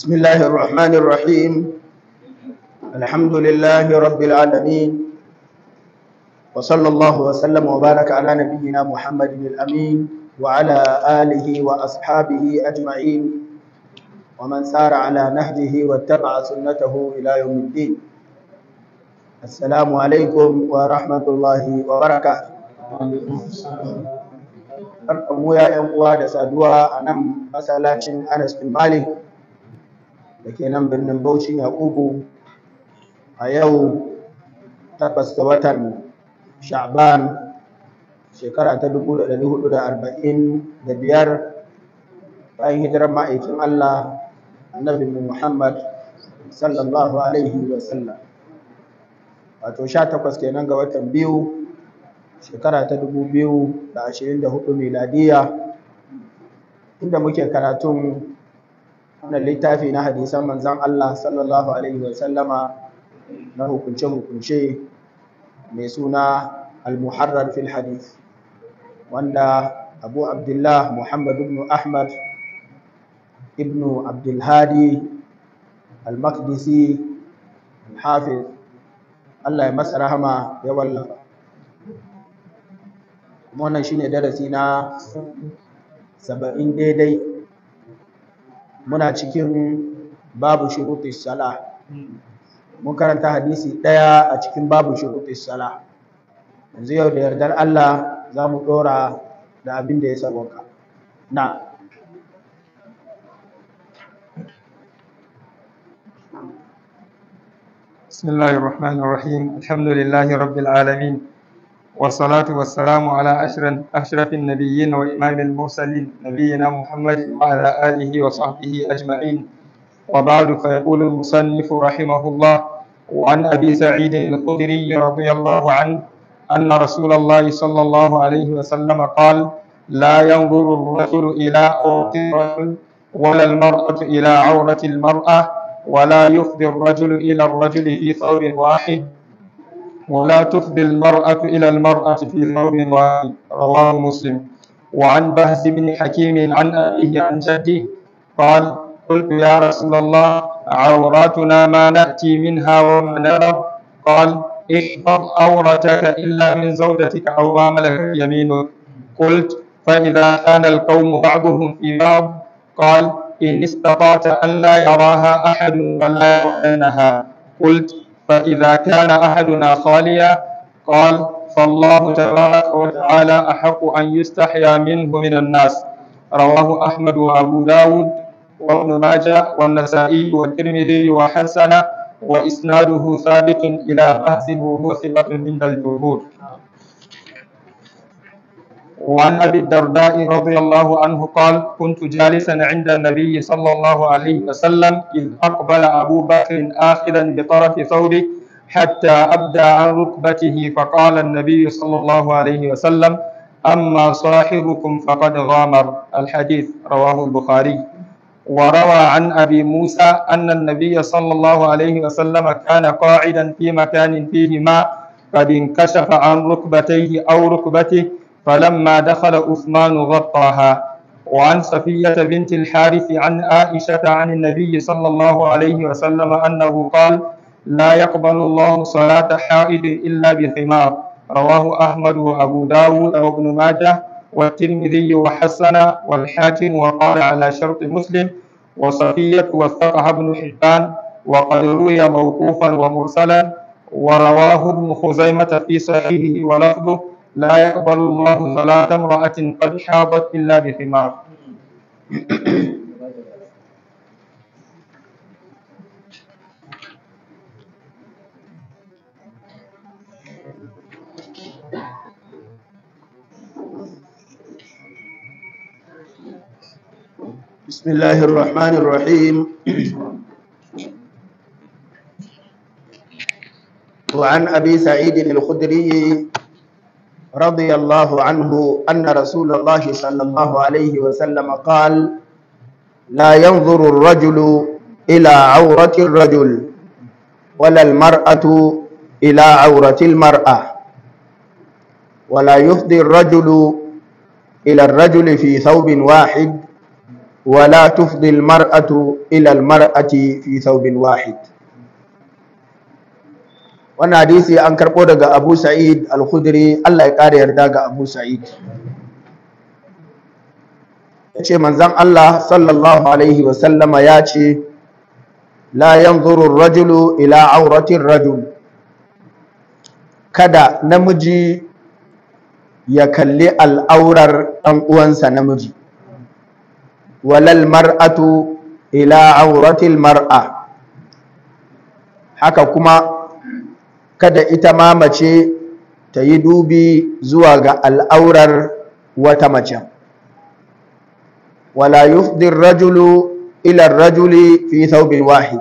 بسم الله الرحمن الرحيم الحمد لله رب العالمين وصلى الله وسلم وبارك على نبينا محمد الأمين وعلى آله وأصحابه أجمعين ومن سار على نهجه واتبع سنته إلى يوم الدين السلام عليكم ورحمة الله وبركاته Barkanmu ya ‘yan uwa da saduwa a nan masallacin da ke nan birnin Bauchi Yakubu a yau tabbas ga watan Sha'ban shekara ta dubu da ɗari hudu da arba'in da biyar bayan hijirar ma'aikin Allah annabi Muhammad sallallahu alaihi wa sallam wato sha takwas kenan ga watan biyu shekara ta dubu biyu da ashirin da hudu miladiya inda muke karatun wannan littafi na hadisan manzan Allah sallallahu alaihi wa sallama na hukunce hukunce mai suna al-muharrar fil wanda Abu Abdullah Muhammad ibn Ahmad ibn Abdulhadi, al-Maqdisi al-Hafiz Allah ya masa rahama ya wallafa wannan shine darasi na saba'in daidai muna cikin babu shuruɗi sala mun karanta hadisi ɗaya a cikin babu shuruɗi sala yanzu yau da yardar Allah za mu ɗora da abin da ya sabonka na بسم الله الرحمن الرحيم الحمد لله رب العالمين والصلاة والسلام على أشرف النبيين وإمام المرسلين نبينا محمد وعلى آله وصحبه أجمعين وبعد فيقول المصنف رحمه الله وعن أبي سعيد الخدري رضي الله عنه أن رسول الله صلى الله عليه وسلم قال لا ينظر الرجل إلى عورة الرجل ولا المرأة إلى عورة المرأة ولا يفضي الرجل إلى الرجل في ثور واحد ولا تفضي المرأة إلى المرأة في موضع واحد رواه مسلم وعن بهز بن حكيم عن أبيه عن جده قال قلت يا رسول الله عوراتنا ما نأتي منها وما نرى قال احفظ عورتك إلا من زوجتك أو ما ملكت يمينك قلت فإذا كان القوم بعضهم في بعض قال إن استطعت أن لا يراها أحد ولا يعينها قلت فإذا كان أحدنا خاليا قال فالله تبارك وتعالى أحق أن يستحيا منه من الناس رواه أحمد وأبو داود وابن ماجه والنسائي والترمذي وحسنه وإسناده ثابت إلى بحثه وهو ثقة عند الجمهور وعن أبي الدرداء رضي الله عنه قال كنت جالسا عند النبي صلى الله عليه وسلم إذ أقبل أبو بكر آخذا بطرف ثوبه حتى أبدى عن ركبته فقال النبي صلى الله عليه وسلم أما صاحبكم فقد غامر الحديث رواه البخاري وروى عن أبي موسى أن النبي صلى الله عليه وسلم كان قاعدا في مكان فيه ماء قد انكشف عن ركبتيه أو ركبته فلما دخل عثمان غطاها وعن صفية بنت الحارث عن عائشة عن النبي صلى الله عليه وسلم أنه قال لا يقبل الله صلاة حائض إلا بخمار رواه أحمد وأبو داود وابن ماجه والترمذي وحسن والحاكم وقال على شرط مسلم وصفية وثقها ابن حبان وقد روي موقوفا ومرسلا ورواه ابن خزيمة في صحيحه ولفظه لا يقبل الله صلاة امرأة قد حاضت إلا بخمار بسم الله الرحمن الرحيم وعن أبي سعيد الخدري رضي الله عنه أن رسول الله صلى الله عليه وسلم قال لا ينظر الرجل إلى عورة الرجل ولا المرأة إلى عورة المرأة ولا يفضي الرجل إلى الرجل في ثوب واحد ولا تفضي المرأة إلى المرأة في ثوب واحد wannan hadisi an karɓo daga abu sa'id al-khudri allah ya ƙara yarda ga abu sa'id ya ce manzan allah sallallahu alaihi wasallama ya ce la yanzuru rajulu ila auratin rajul kada namiji ya kalli al'aurar ɗan uwansa namiji walal mar'atu ila auratil mar'a haka kuma kada ita ma mace ta yi dubi zuwa ga al'aurar wata mace wala yufdir rajulu ila rajuli fi thawbin wahid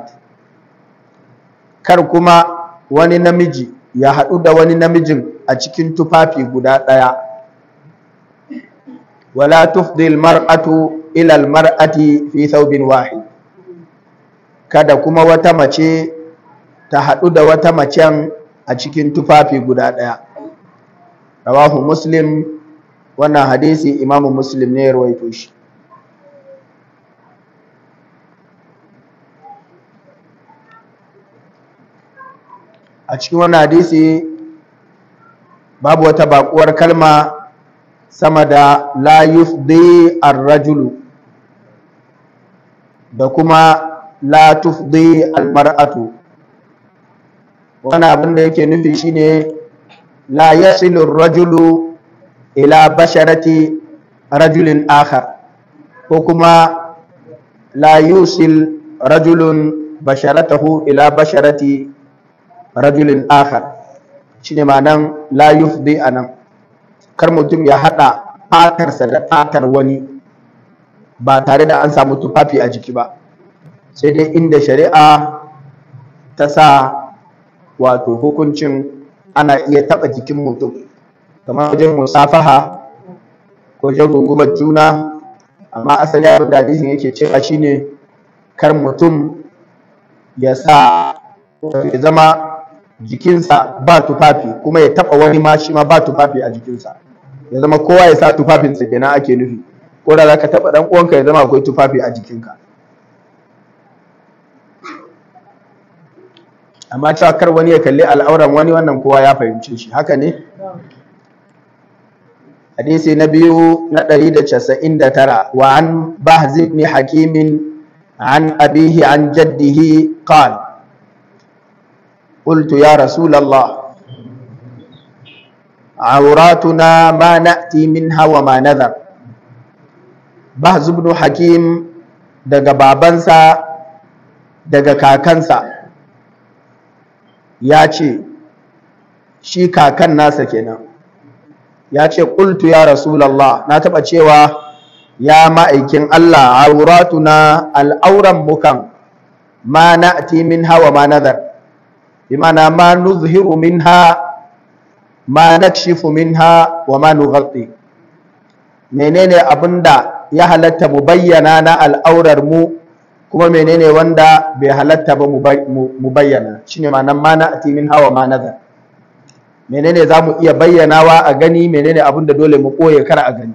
kar kuma wani namiji ya haɗu da wani namijin a cikin tufafi guda ɗaya wala tufdil mar'atu ila almar'ati fi thawbin wahid kada kuma wata mace ta haɗu da wata macen a cikin tufafi guda ɗaya rawahu muslim wannan hadisi imamu muslim ne ya rawaito shi a cikin wannan hadisi babu wata bakuwar kalma sama da la yufdi ar-rajulu da kuma la tufdi al-mar'atu wani abin da yake nufi shine la yasilu rajulu ila basharati rajulin akhar ko kuma la yusil rajulun basharatahu ila basharati rajulin akhar shine ma'anan la a nan. kar mutum ya haɗa fatarsa da fatar wani ba tare da an samu tufafi a jiki ba sai dai inda shari'a ta sa wato hukuncin ana iya taɓa jikin mutum kamar wajen musafaha wajen rungumar juna amma asali abin da hadisin yake cewa shine kar mutum ya sa ya zama jikinsa ba tufafi kuma ya taɓa wani ma shi ma ba tufafi a jikinsa ya zama kowa ya sa tufafinsa kenan ake nufi ko da za ka taɓa ɗan uwanka ya zama akwai tufafi a jikinka amma cewa kar wani ya kalli al'auran wani wannan kowa ya fahimce shi haka ne hadisi na biyu na ɗari da casa'in da tara wa an bahzi ibn hakimin an abihi an jaddihi qal qultu ya rasulallah عوراتنا ما نأتي منها وما نذر bahz ibn hakim daga babansa daga kakansa ya ce shi kakan nasa kenan ya ce kultu ya rasulallah na taɓa cewa ya ma'aikin Allah auratuna al'auran mukan ma na'ti minha hawa ma nadhar bimana ma nuzhiru minha ma min ha, wa ma nughatti menene abinda ya halatta mu bayyana na al'aurar mu kuma menene wanda bai halatta ba mu bayyana shine ma'anar ma na atimin hawa ma nazar menene za mu iya bayyanawa a gani menene abin da dole mu koye kar a gani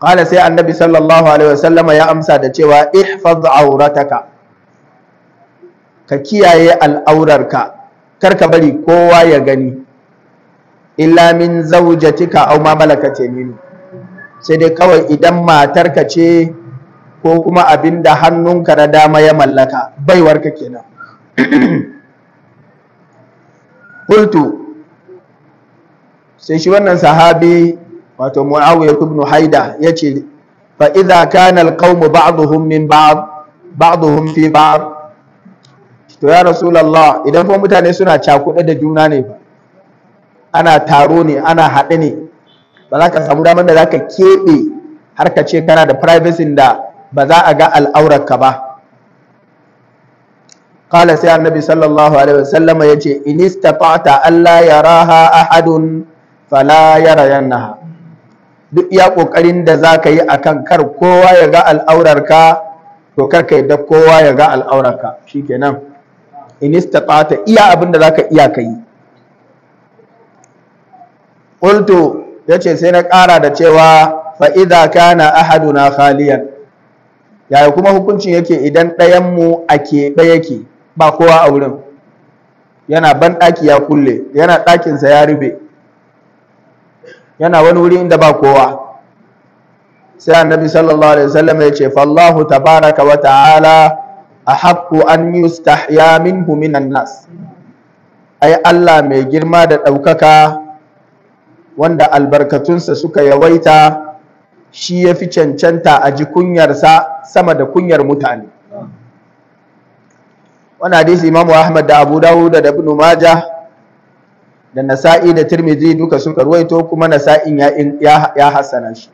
qala sai annabi sallallahu alaihi wasallama ya amsa da cewa ihfaz aurataka ka kiyaye al'aurarka kar ka bari kowa ya gani illa min zawjatika aw ma malakat yaminu sai dai kawai idan matarka ce ko kuma abin da hannunka na dama ya mallaka baiwarka kenan kultu sai shi wannan sahabi wato muawiya ibn haida yace fa idza kana alqawmu ba'dhum min ba'd ba'dhum fi ba'd to ya rasulullah idan fa mutane suna cakuɗe da juna ne ana taro ne ana haɗe ne ba za ka samu damar da za ka keɓe har ka ce kana da privacy da ba za a ga al'aurarka ba qala sai annabi sallallahu alaihi wasallama yace in istata'ta alla yaraha ahadun fala yarayannaha duk iya kokarin da zaka yi akan kar kowa ya ga al'aurarka to kar ka da kowa ya ga al'aurarka shikenan in istata'ta iya abinda za zaka iya kai qultu yace sai na ƙara da cewa fa idza kana ahaduna khaliyan yaya kuma hukuncin yake idan ɗayan mu a keɓe yake ba kowa a wurin yana ban ɗaki ya kulle yana ɗakinsa ya rufe yana wani wuri inda ba kowa sai annabi sallallahu alaihi wasallam ya ce fallahu tabaraka wa ta'ala ahaqqu an yustahya minhu minan nas ai Allah mai girma da ɗaukaka wanda albarkatunsa suka yawaita shi ya fi cancanta a ji kunyarsa sama da kunyar mutane wani hadisi imamu ahmad da abu dawud da ibn majah da nasa'i da tirmidhi duka suka ruwaito kuma nasa'in ya ya hasana shi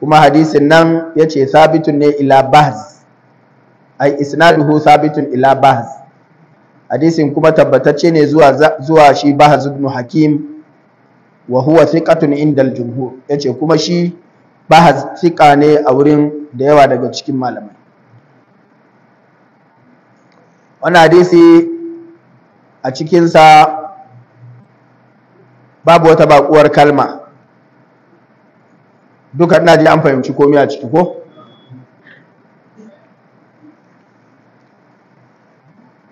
kuma hadisin nan yace sabitun ne ila bahz ai isnaduhu sabitun ila bahz hadisin kuma tabbatacce ne zuwa shi bahz ibn hakim wa huwa thiqatun indal jumhur yace kuma shi ha thiqa ne a wurin da yawa daga cikin malamai wannan hadisi a cikinsa babu wata bakuwar kalma duka ina ji an fahimci komai a ciki ko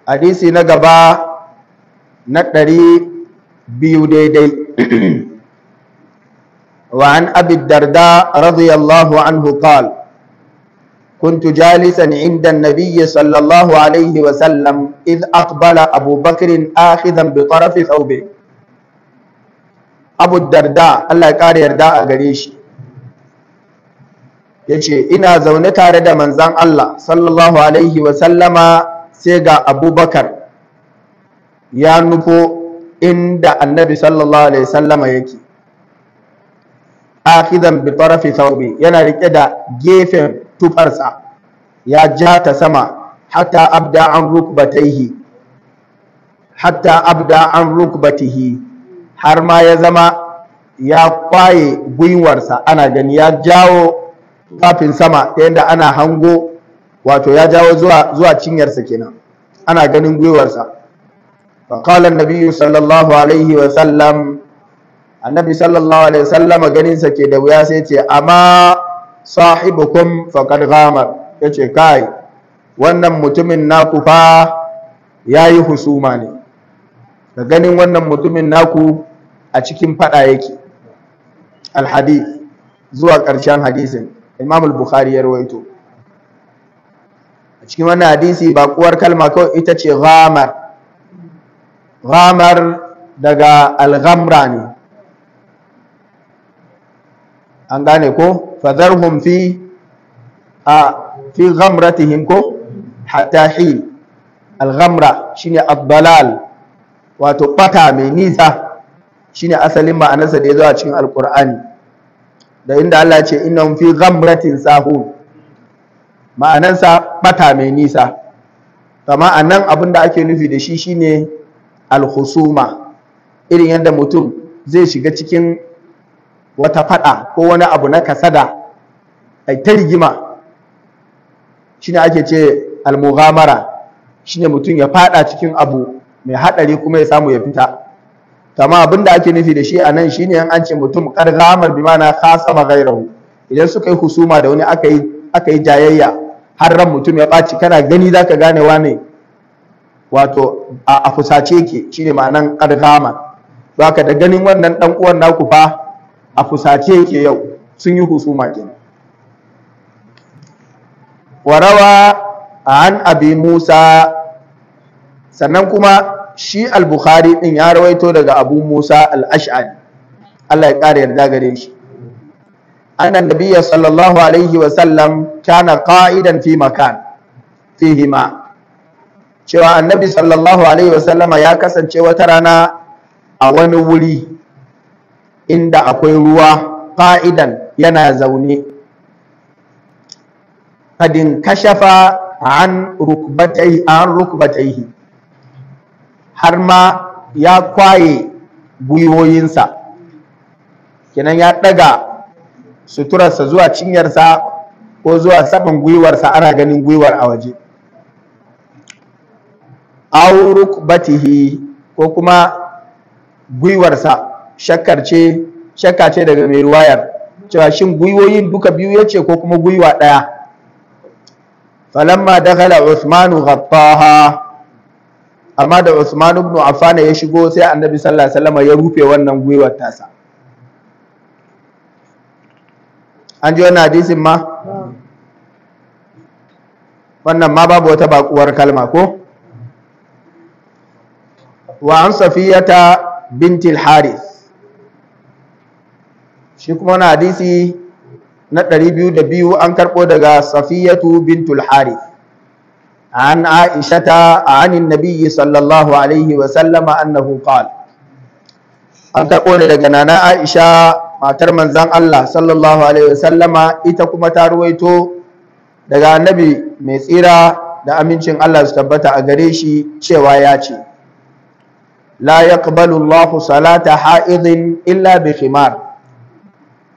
hadisi na gaba na ɗari biyu daidai وعن أبي الدرداء رضي الله عنه قال كنت جالسا عند النبي صلى الله عليه وسلم إذ أقبل أبو بكر آخذا بطرف ثوبه أبو الدرداء الله يقاري يرداء قريشي yace ina zaune tare da manzan Allah sallallahu alaihi wasallama sai ga abubakar ya nufo inda annabi sallallahu alaihi sallama yake akidan bi tarafi thawbi yana rike da gefen tufarsa ya ja ta sama hatta abda an rukbatayhi hatta abda an rukbatihi har ma ya zama ya kwaye gwiwarsa ana gani ya jawo kafin sama ta yadda ana hango wato ya jawo zuwa cinyarsa kenan ana ganin gwiwarsa فقال النبي صلى الله عليه وسلم النبي صلى الله عليه وسلم ganin سكي ke da wuya sai ce amma يتي كاي yace kai wannan mutumin naku fa yayi husuma ne da ganin wannan mutumin naku a cikin fada yake al hadith zuwa ƙarshen hadisin imam bukhari ya rawaito a cikin wannan hadisi ba kuwar kalma kawai ita ce ghamar Ramar daga alhamra ne an gane ko fadharhum fi a fi ghamratihim ko hatta hil alghamra shine ad-dalal wato bata mai nisa ne asalin ma'anarsa da ya zuwa cikin alkur'ani da inda Allah ya ce innahum fi ghamratin sahu. ma'anarsa bata mai nisa kama anan abin da ake nufi da shi shine alhusuma irin yadda mutum zai shiga cikin wata fada ko wani abu na kasada ai ta rigima shine ake ce almughamara shine mutum ya fada cikin abu mai hadari kuma ya samu ya fita kama abin da ake nufi da shi a nan shine an ce mutum kargamar bi mana khasama gairahu idan suka yi husuma da wani aka yi jayayya har ran mutum ya ɓaci kana gani zaka gane wane wato a fusace ke shine ma'anan kargama ka da ganin wannan dan uwan naku fa a fusace ke yau sun yi husuma kenan warawa an abi musa sannan kuma shi al-bukhari ɗin ya rawaito daga abu musa al-ash'ari Allah ya ƙara yarda gare shi anna nabiyya sallallahu alaihi wa sallam kana qa'idan fi makan fihi ma cewa annabi sallallahu alaihi wasallama ya kasance wata rana a wani wuri inda akwai ruwa fa'idan yana zaune kadin kashafa an rukbatai an har ma ya kwaye gwiwoyinsa kenan ya ɗaga suturarsa zuwa cinyarsa ko zuwa saman gwiwarsa ana ganin gwiwar a waje Auruk batihi ko kuma gwiwarsa shakkar ce shakka ce daga mai ruwayar cewa shin gwiwoyin duka biyu ya ce ko kuma gwiwa ɗaya falamma dakhala usmanu ghattaha amma da Usmanu ibn Affan ya shigo sai Annabi sallallahu alaihi wasallam ya rufe wannan gwiwar tasa an ji wannan hadisin ma hmm. wannan ma babu wata bakuwar kalma ko wa an safiyata bintil haris shi kuma na hadisi na 202 an karɓo daga safiyatu bintul haris an aishata anin nabiyyi sallallahu alaihi wa sallama annahu qala an karɓo ne daga nana aisha matar manzan Allah sallallahu alaihi wasallama ita kuma ta ruwaito daga mai tsira da amincin Allah su tabbata a gare shi cewa ya ce la yaqbalu salata ha'idin illa bi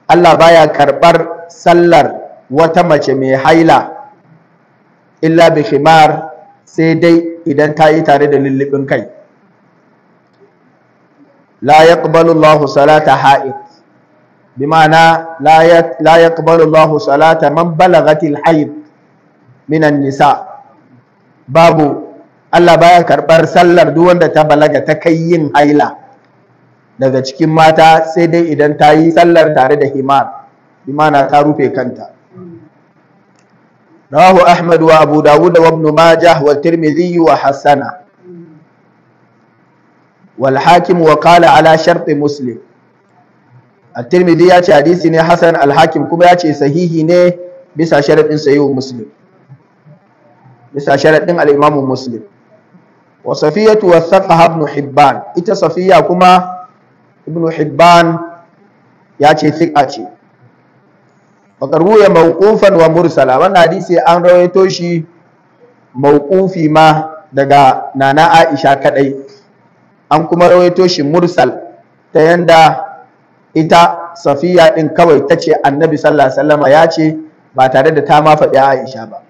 Allah baya karɓar sallar wata mace mai haila illa bi sai dai idan ta yi tare da lullubin kai la yaqbalu Allahu salata ha'id bima'ana la yaqbalu Allahu salata man balagatil haid minan nisa babu Allah baya karɓar sallar duk wanda ta balaga ta kai yin haila daga cikin mata sai dai idan ta yi sallar tare da himar Imana ta rufe kanta rawahu ahmad wa abu dawud wa ibn majah wa tirmidhi wa hasana wal hakim wa qala ala shart muslim at-tirmidhi ya ce hadisi ne hasan al hakim kuma ya ce sahihi ne bisa sharadin sayyid muslim bisa sharadin al-imam muslim wa safiyatu wasaqaha ibn hibban ita safiya kuma ibn hibban ya ce fiqa ce bakar ya mawqufan wa mursala wannan hadisi an rawaito shi mawqufi ma daga nana Aisha kadai an kuma rawaito shi mursal ta yanda ita safiya din kawai tace annabi sallallahu alaihi ya ce ba tare da ta ma faɗi Aisha ba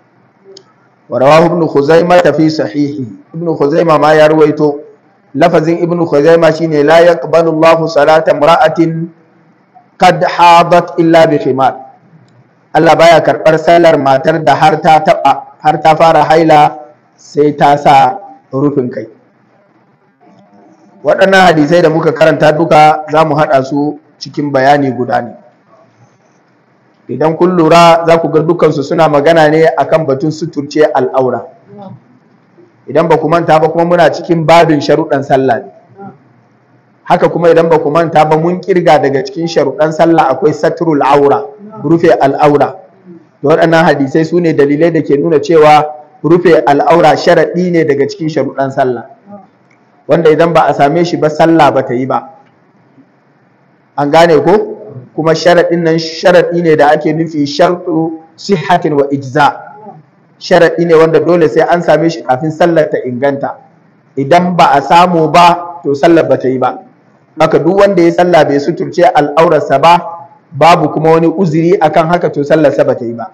ورواه ابن خزيمة في صحيحه ابن خزيمة ما يرويته لفظ ابن خزيمة شيني لا يقبل الله صلاة امرأة قد حاضت إلا بخمار الله بايا كربر سيلر ما ترد هرتا تبع هرتا فارا هايلا سيتاسا رفن كي waɗannan هذه da muka karanta duka زامو mu أسو su بياني bayani idan kun lura za ku ga dukansu suna magana ne akan batun suturce al'aura idan ba ku manta ba kuma muna cikin babin sharuɗan sallah ne haka kuma idan ba ku manta ba mun kirga daga cikin sharuɗan sallah akwai saturul aura rufe al'aura da waɗannan hadisai su ne dalilai da ke nuna cewa rufe al'aura sharaɗi ne daga cikin sharuɗan sallah wanda idan ba a same shi ba sallah ba ta yi ba an gane ko kuma sharaɗin nan sharaɗi ne da ake nufi shi sihatin wa ijza sharaɗi ne wanda dole sai an same shi kafin sallar ta inganta idan ba a samu ba to sallar ba ta yi ba haka duk wanda ya salla bai suturce al'aurarsa ba babu kuma wani uzuri akan haka to sallarsa ba ta yi ba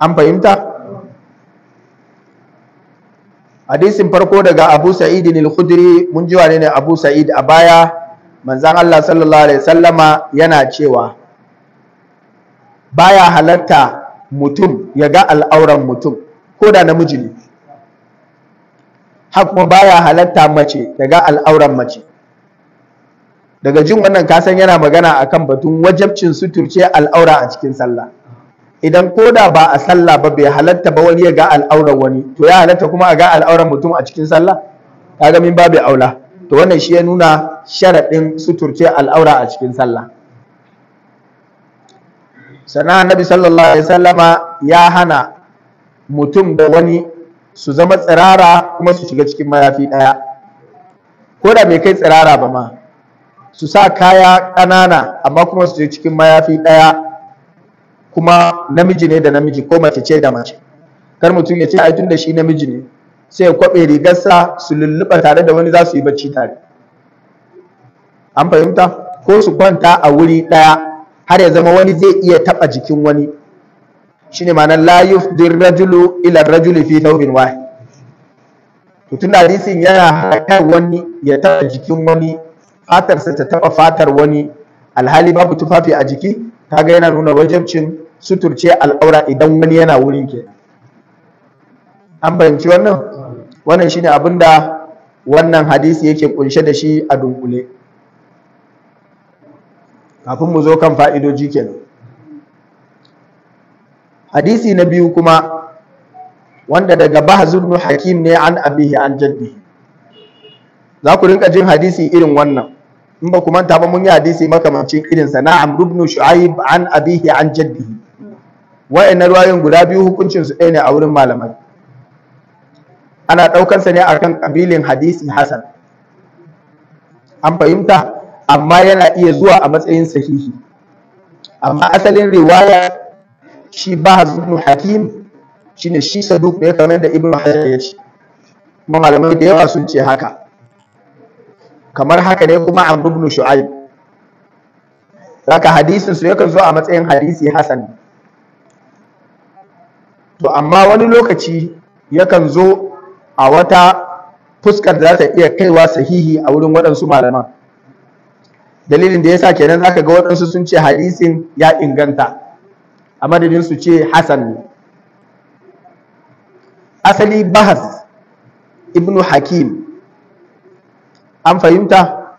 an fahimta hadisin farko daga abu sa'id al-khudri mun ji wa ne abu sa'id a baya manzan Allah sallallahu alaihi sallama yana cewa baya halatta mutum ya ga al'auran mutum ko da namiji ne kuma baya halatta mace ya ga al'auran mace daga jin wannan kasan yana magana akan batun wajabcin suturce al'aura a cikin sallah idan ko da ba a sallah ba bai halatta ba wani ya ga al'auran wani to ya halatta kuma a ga al'auran mutum a cikin sallah kaga min babu aula to wannan shi ya nuna sharaɗin suturce al'aura a cikin sallah sana annabi sallallahu alaihi sallama ya hana mutum da wani su zama tsirara kuma su shiga cikin mayafi ɗaya ko da bai kai tsirara ba ma su sa kaya ƙanana amma kuma su je cikin mayafi ɗaya kuma namiji ne da namiji ko mace ce da mace kar mutum ya ce ai tun da shi namiji ne sai ya kwaɓe rigarsa su lulluɓa tare da wani za su yi bacci tare an fahimta ko su kwanta a wuri ɗaya har ya zama wani zai iya taɓa jikin wani shine ma'anar la yufdir rajulu ila rajuli fi thawbin wahid to tun hadisin yana haɗa wani ya taɓa jikin wani fatarsa ta taɓa fatar wani alhali babu tufafi a jiki kaga yana nuna wajabcin suturce al'aura idan wani yana wurin ke an fahimci wannan wannan shine abin da wannan hadisi yake kunshe da shi a dunkule kafin mu zo kan fa'idoji kenan hadisi na biyu kuma wanda daga bahzur ibn hakim ne an abihi an jaddi za ku rinka jin hadisi irin wannan in ba ku manta ba mun yi hadisi makamancin irin sa na ibn shu'aib an abihi an jaddihi wa'annan ruwayoyin guda biyu hukuncin su ɗaya ne a wurin malamai ana ɗaukansa ne akan kabilin hadisi hasan an fahimta amma yana iya zuwa a matsayin sahihi amma asalin riwaya shi ba ibn hakim shine shi saduk ne kamar da ibn hajar ya ce kuma malamai da yawa sun ce haka kamar haka ne kuma an rubnu shu'aib haka hadisin su yakan zo a matsayin hadisi hasan to amma wani lokaci yakan zo a wata fuskar da za ta iya kaiwa sahihi a wurin waɗansu malaman dalilin da ya yasa kenan ka ga waɗansu sun ce hadisin ya inganta a madadin su ce hasan ne asali bahas ibnu hakim an fahimta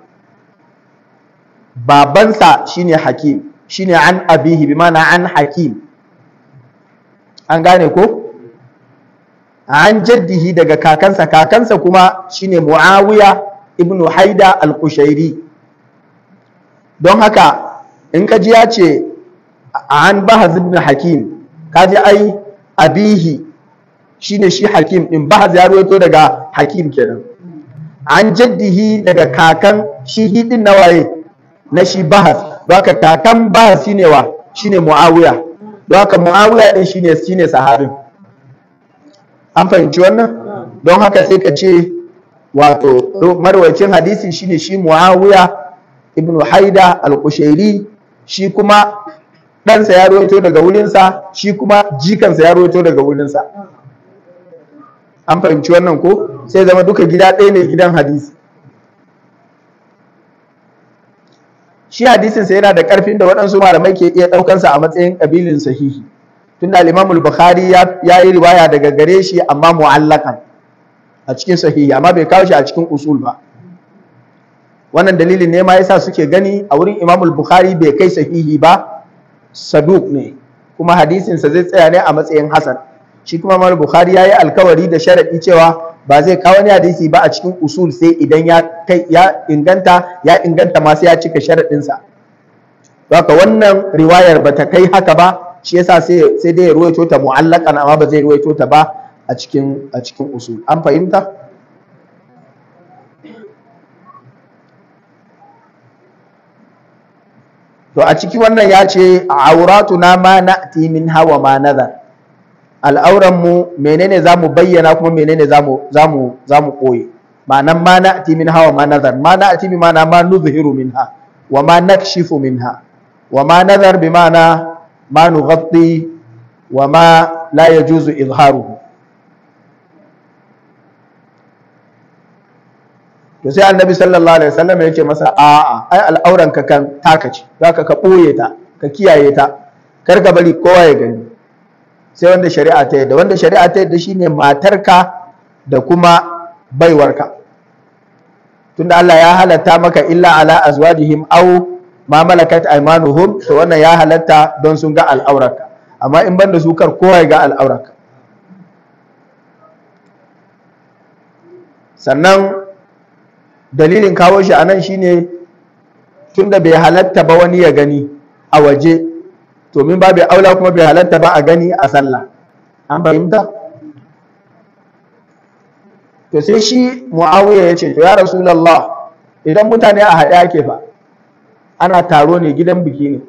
babansa shine hakim shine an abihi bi mana an hakim an gane ko an jaddihi daga kakansa kakansa kuma shine muawiya ibnu haida al-kushairi don haka in ka ji ya ce an bahaz ibn hakim ka ji ai abihi shine shi hakim din bahaz ya ruwaito daga hakim kenan an jaddihi daga kakan shi hidin na waye na shi bahaz baka kakan bahaz shine wa shine muawiya baka muawiya din shine shine sahabin an fahimci wannan don haka sai ka ce wato marwacin hadisin shine shi muawiya ibn haida al-kushairi shi kuma ɗansa ya rawaito daga wurinsa shi kuma jikansa ya rawaito daga wurinsa an fahimci wannan ko sai zama duka gida ɗaya ne gidan hadisi shi hadisinsa yana da ƙarfin da waɗansu malamai ke iya ɗaukansa a matsayin ƙabilin sahihi Tunda da Imam Bukhari ya yi riwaya daga gare shi amma mu'allakan a cikin sahihi amma bai kawo shi a cikin usul ba wannan dalilin ne ma yasa suke gani a wurin Imam Bukhari bai kai sahihi ba saduk ne kuma hadisinsa zai tsaya ne a matsayin hasan shi kuma Imam Bukhari ya yi alkawari da sharadi cewa ba zai kawo wani hadisi ba a cikin usul sai idan ya kai ya inganta ya inganta ma sai ya cika sa haka wannan riwayar ba ta kai haka ba shi yasa sai dai ya ruwaito ta mu'allaqan amma ba zai ruwaito ta ba a cikin a cikin usul an fahimta to a ciki wannan ya ce auratuna ma na'ti min hawa ma nazar al'auran mu menene zamu bayyana kuma menene zamu zamu zamu koye ma'anan ma na'ti min hawa ma nazar ma na'ti bi ma'ana ma nuzhiru minha wa ma nakshifu minha wa ma nazar bi ma'ana ما نغطي wa ma يجوز yajuzu izharuhu to sai annabi sallallahu alaihi wasallam ya ce masa a'a ai al'auran ka kan taka ce zaka ka boye ta ka kiyaye ta kar ka bari kowa ya gani sai wanda shari'a ta yadda wanda shari'a ta yadda shine matarka da kuma baiwarka tunda Allah ya halatta maka illa ala azwajihim aw ma malakat aymanuhum to wannan ya halatta don sun ga al'aurarka amma in banda su kar kowa ga al'aurarka sannan dalilin kawo shi anan shine tunda bai halatta ba wani ya gani a waje to min babu aula kuma bai halatta ba a gani a sallah an fahimta to sai shi muawiya ya ce to ya rasulullah idan mutane a haɗe ake fa ana taro ne gidan biki ne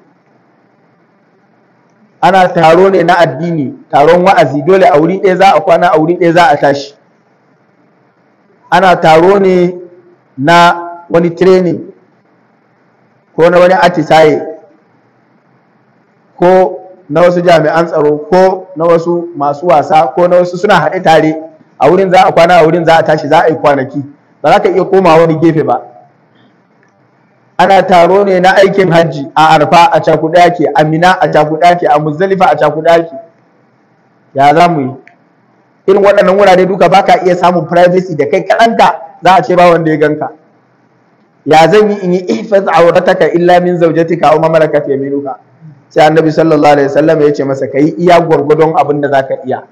ana taro ne na addini taron wa'azi dole a wuri ɗaya za a kwana a wuri ɗaya za a tashi ana taro ne na wani training ko na wani atisaye ko na wasu jami'an tsaro ko na wasu masu wasa ko na wasu suna haɗe tare a wurin za a kwana a wurin za a tashi za a yi kwanaki ba za ka iya komawa wani gefe ba ana taro ne na aikin hajji a arfa a cakuɗa a mina a cakuɗa a muzdalifa a cakuɗa ya za mu yi irin waɗannan wurare duka ba ka iya samun privacy da kai kaɗanka za a ce ba wanda ya ganka ya zan yi in yi ihfaz ka illa min zawjatika aw ma malakat yaminuka sai annabi sallallahu alaihi wasallam ya ce masa kai iya gwargwadon abin da zaka iya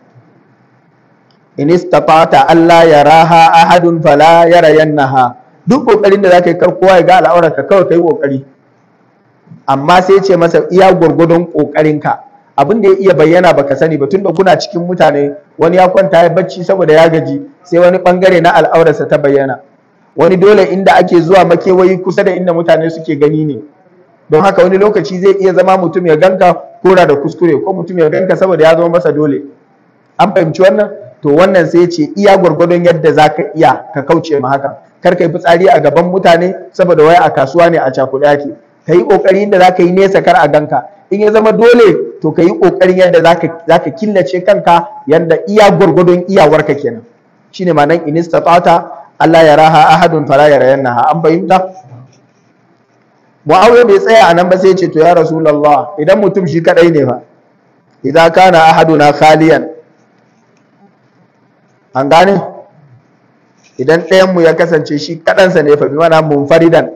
in istata Allah ya raha ahadun fala yarayannaha duk kokarin da zaka yi kar kowa ya ga al'aurar ka kawai kai kokari amma sai ce masa iya gwargwadon kokarin ka abin da ya iya bayyana baka sani ba tunda kuna cikin mutane wani ya kwanta ya bacci saboda ya gaji sai wani bangare na al'aurarsa ta bayyana wani dole inda ake zuwa makewayi kusa da inda mutane suke gani ne don haka wani lokaci zai iya zama mutum ya ganka kora da kuskure ko mutum ya ganka saboda ya zama masa dole an fahimci wannan to wannan sai ce iya gwargwadon yadda za ka iya ka kauce ma haka kar ka yi fitsari a gaban mutane saboda waya a kasuwa ne a cakuɗe ake ka yi ƙoƙari da za ka yi nesa kar a ganka in ya zama dole to ka yi ƙoƙarin yadda za ka killace kanka yadda iya gwargwadon iyawarka kenan shine ma nan inista fata Allah ya raha ahadun fara ya rayan naha an fahimta Muawiya bai tsaya a nan ba sai ce to ya Rasulullah idan mutum shi kadai ne fa idan kana ahaduna khaliyan an gane idan ɗayan mu ya kasance shi kaɗansa ne fa mana munfaridan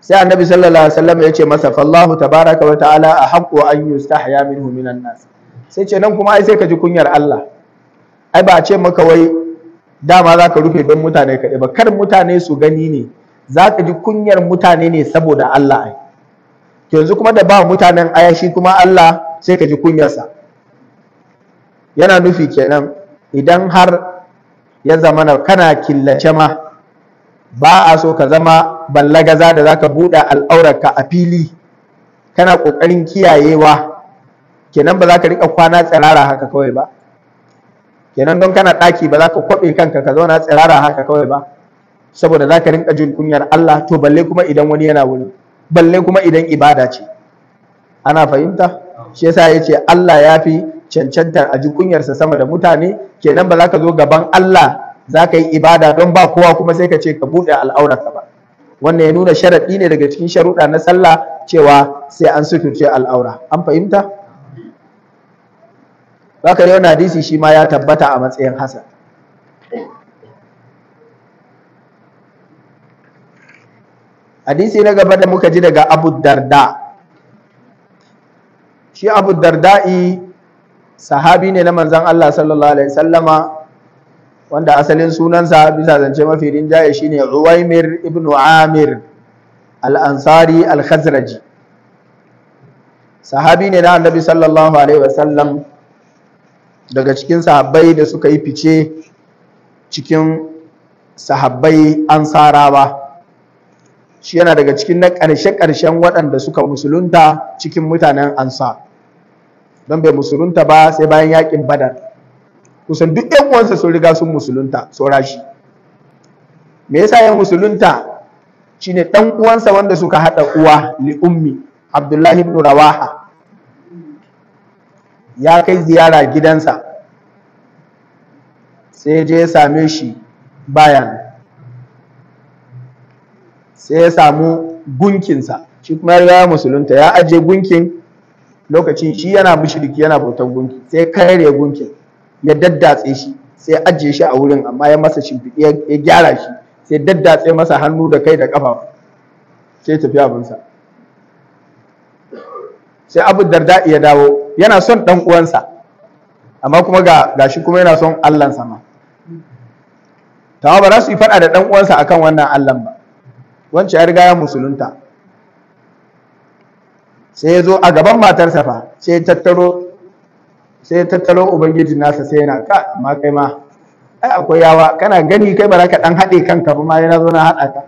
sai annabi sallallahu alaihi wasallam ya ce masa fallahu tabaraka wa ta'ala a haƙƙo an ta minhu minan nas sai ce nan kuma ai sai ka ji kunyar Allah ai ba a ce maka wai dama za ka rufe don mutane kaɗai ba kar mutane su gani ne za ka ji kunyar mutane ne saboda Allah ai yanzu kuma da ba mutanen aya shi kuma Allah sai ka ji kunyarsa yana nufi kenan idan har ya zamana kana killace ma ba a so ka zama ballagaza da zaka buɗe al'aurarka a fili kana ƙoƙarin kiyayewa kenan ba za ka riƙa kwana tsirara haka kawai ba kenan don kana ɗaki ba za ka kwaɓe kanka ka zauna tsirara haka kawai ba saboda za ka rinka jin kunyar Allah to balle kuma idan wani yana wuri balle kuma idan ibada ce ana fahimta shi yasa ya ce Allah ya fi cancantar a ji kunyarsa sama da mutane kenan ba za ka zo gaban Allah za ka yi ibada don ba kowa kuma sai ka ce ka buɗe al'aurarka ba wannan ya nuna sharaɗi ne daga cikin sharuɗa na sallah cewa sai an suturce al'aura an fahimta ka yau na hadisi shi ma ya tabbata a matsayin hasan hadisi na gaba da muka ji daga abu darda shi abu darda'i sahabi ne na manzan Allah sallallahu alaihi sallama wanda asalin sunansa bisa zance mafi rinjaye shine Uwaimir ibn Amir al-Ansari al-Khazraji sahabi ne na annabi sallallahu alaihi wasallam daga cikin sahabbai da suka yi fice cikin sahabbai ansarawa shi yana daga cikin na ƙarshe-ƙarshen waɗanda suka musulunta cikin mutanen ansa don bai musulunta ba sai bayan yakin badar kusan duk yan uwansa sun riga sun musulunta so shi me yasa ya musulunta shine dan uwansa wanda suka hada uwa li ummi abdullahi ibn rawaha ya kai ziyara gidansa sai je ya same shi bayan sai ya samu gunkinsa shi kuma ya musulunta ya aje gunkin lokacin shi yana mushriki yana bautan gunki sai kare gunkin ya daddatse shi sai ajiye shi a wurin amma ya masa shimfiɗi ya gyara shi sai daddatse masa hannu da kai da ƙafa sai tafi abinsa sai abu darda ya dawo yana son ɗan uwansa amma kuma ga shi kuma yana son allansa ma tawa ba za su yi faɗa da ɗan uwansa akan wannan Allah ba wancan ya riga ya musulunta sai ya zo a gaban matarsa fa sai tattaro sai tattaro ubangiji nasa sai yana ka amma kai ma ai akwai yawa kana gani kai ba za ka dan haɗe kanka ba ma yana zo na haɗa ka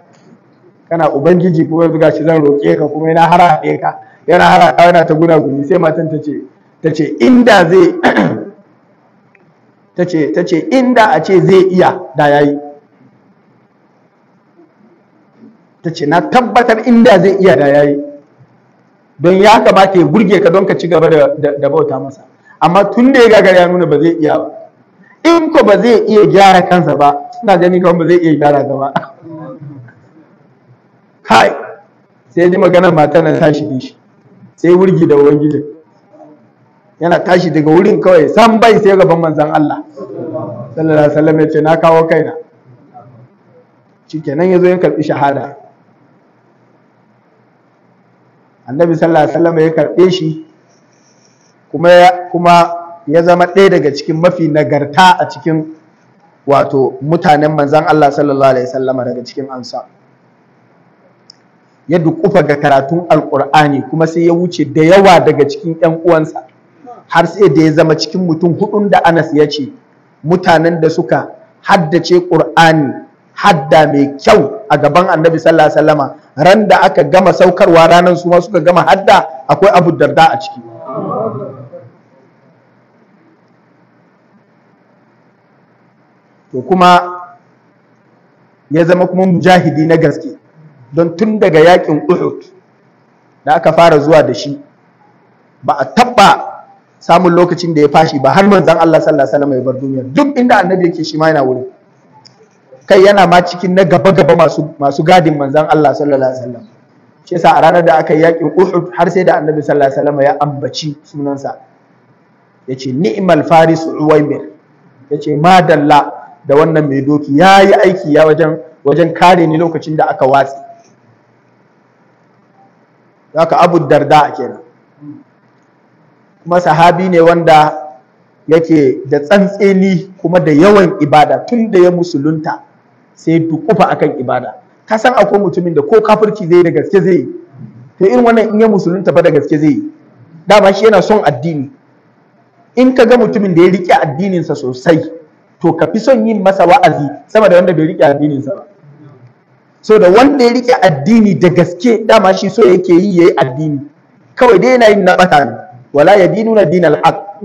kana ubangiji kuma yanzu gashi zan roƙe ka kuma yana hara haɗe ka yana hara ka yana ta guna gumi sai matan ta ce ta ce inda zai ta ce ta ce inda a ce zai iya da yayi ta ce na tabbatar inda zai iya da yayi don ya kamata ya burge ka don ka ci gaba da bauta masa amma tun da ya gagara ya nuna ba zai iya ba in ko ba zai iya gyara kansa ba ina gani kawai ba zai iya gyara ka ba kai sai ji maganar mata na tashi din shi sai wurgi da ubangijin yana tashi daga wurin kawai san bai sai gaban manzon Allah sallallahu alaihi wasallam ya ce na kawo kaina shikenan yazo ya karbi shahada annabi sallallahu alaihi wasallam ya karɓe shi kuma kuma ya zama ɗaya daga cikin mafi nagarta a cikin wato mutanen manzan Allah sallallahu alaihi wasallam daga cikin ansa ya dukufa ga karatun alkur'ani kuma sai ya wuce da yawa daga cikin ƴan uwansa har sai da ya zama cikin mutum hudun da Anas ya ce mutanen da suka haddace Qur'ani hadda mai kyau a gaban annabi sallallahu alaihi wasallama ran da aka gama saukarwa ranar su ma suka gama hadda akwai abu darda a ciki to kuma ya zama kuma mujahidi na gaske don tun daga yakin uhud da aka fara zuwa da shi ba a taɓa samun lokacin da ya fashi ba har manzon Allah sallallahu alaihi wasallam ya bar duniya duk inda annabi yake shi ma yana wurin kai yana ma cikin na gaba gaba masu gadin manzon Allah sallallahu alaihi wasallam shi yasa a ranar da aka yi yakin Uhud har sai da Annabi sallallahu alaihi wasallam ya ambaci sunansa yace ni'mal faris uwaymir yace madalla da wannan mai doki ya yi aiki ya wajen kare ni lokacin da aka watsi haka Abu Darda kenan kuma sahabi ne wanda yake da tsantseni kuma da yawan ibada tun da ya musulunta sai duk dukufa akan ibada ka san akwai mutumin da ko kafirci zai da gaske zai to irin wannan in ya musulunta fa da gaske zai dama shi yana son addini in ka ga mutumin da ya rike addininsa sosai to ka fi son yin masa wa'azi sama da wanda bai rike addininsa ba so da wanda ya rike addini da gaske dama shi so yake yi yayi addini kawai dai yana yin na bata ne wala yadinuna dinal haq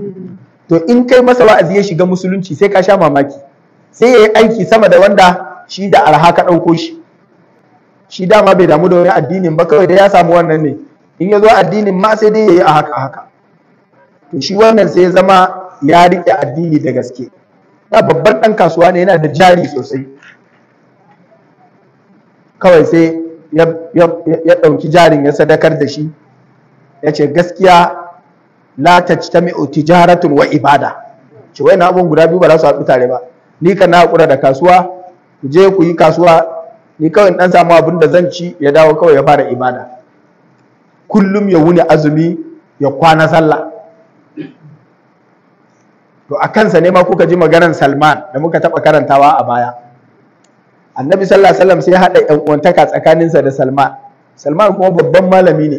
to in kai masa wa'azi ya shiga musulunci sai ka sha mamaki sai yayi aiki sama da wanda shi da arha ka ɗauko shi shi dama bai damu da wani addinin ba kawai da ya samu wannan ne in ya zo addinin ma sai dai ya yi a haka haka to shi wannan sai ya zama ya riƙe addini da gaske ya babban ɗan kasuwa ne yana da jari sosai kawai sai ya ɗauki jarin ya sadakar da shi ya ce gaskiya la tajtami'u tijaratun wa ibada ce wai na abun guda biyu ba za su haɗu tare ba ni ka na haƙura da kasuwa ku je ku yi kasuwa ni kawai dan samu abin da zan ci ya dawo kawai ya fara ibada kullum ya wuni azumi ya kwana sallah to a kansa ne ma kuka ji maganar Salman da muka taɓa karantawa a baya annabi sallallahu alaihi wasallam sai haɗa ƴan'uwantaka uwantaka tsakaninsa da Salman Salman kuma babban malami ne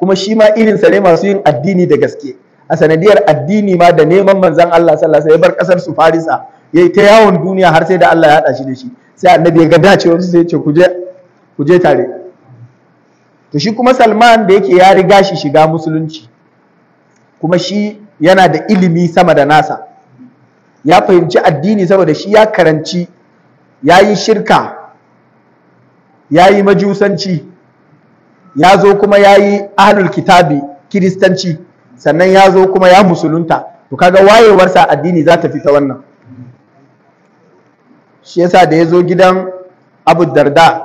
kuma shi ma irinsa ne masu yin addini da gaske a sanadiyar addini ma da neman manzon Allah sallallahu alaihi wasallam ya bar ƙasar su Farisa yi ta yawon duniya har sai da Allah ya hada shi da shi sai annabi ya ga dacewar sai ce ku je tare to shi kuma Salman da yake ya riga shi shiga musulunci kuma shi yana da ilimi sama da nasa ya fahimci addini saboda shi ya karanci ya yi shirka ya yi majusanci ya zo kuma ya yi ahlul kitabi kiristanci sannan ya zo kuma ya musulunta to kaga wayewarsa addini za ta fita wannan shi yasa da ya zo gidan abu darda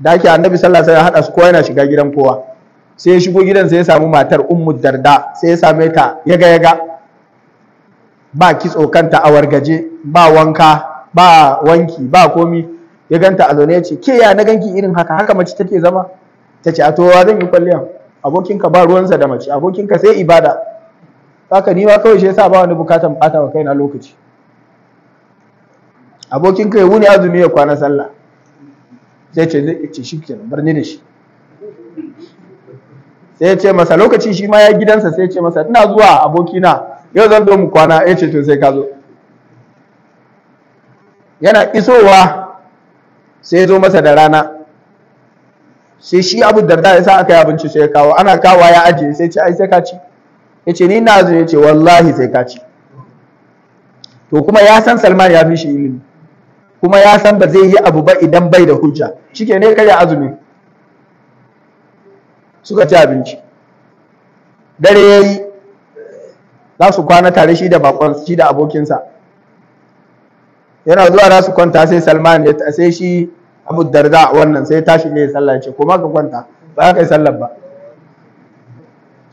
da ake annabi sallallahu alaihi wasallam haɗa su kowa yana shiga gidan kowa sai ya shigo gidan sai ya samu matar ummu darda sai ya same ta yaga yaga ba kitso kanta a wargaje ba wanka ba wanki ba komi ya ganta a zaune ya ce ke ya na ganki irin haka haka mace take zama ta ce a towa zan yi kwalliyan abokinka ba ruwansa da mace abokinka sai ibada haka ni ma kawai shi yasa ba wani bukatan bata wa kaina lokaci abokin kai wuni azumi ya kwana sallah sai ce zai ce shi kenan bar ni da shi sai ya ce masa lokacin shi ma ya gidansa sai ce masa ina zuwa abokina yau zan zo mu kwana ya ce to sai ka zo yana isowa sai ya zo masa da rana sai shi abu darda ya sa aka yi abinci sai ya kawo ana kawo ya ajiye sai ce ai sai ka ci ya ce ni na zo ya ce wallahi sai ka ci to kuma ya san salman ya fi shi ilimi kuma ya san ba zai yi abu ba idan bai da hujja shike ne karya azumi suka ci abinci dare ya yi za su kwana tare shi da bakon shi da abokinsa yana zuwa za su kwanta sai salman ya sai shi abu darda wannan sai tashi ne ya sallah ce kuma ka kwanta ba za ka yi sallah ba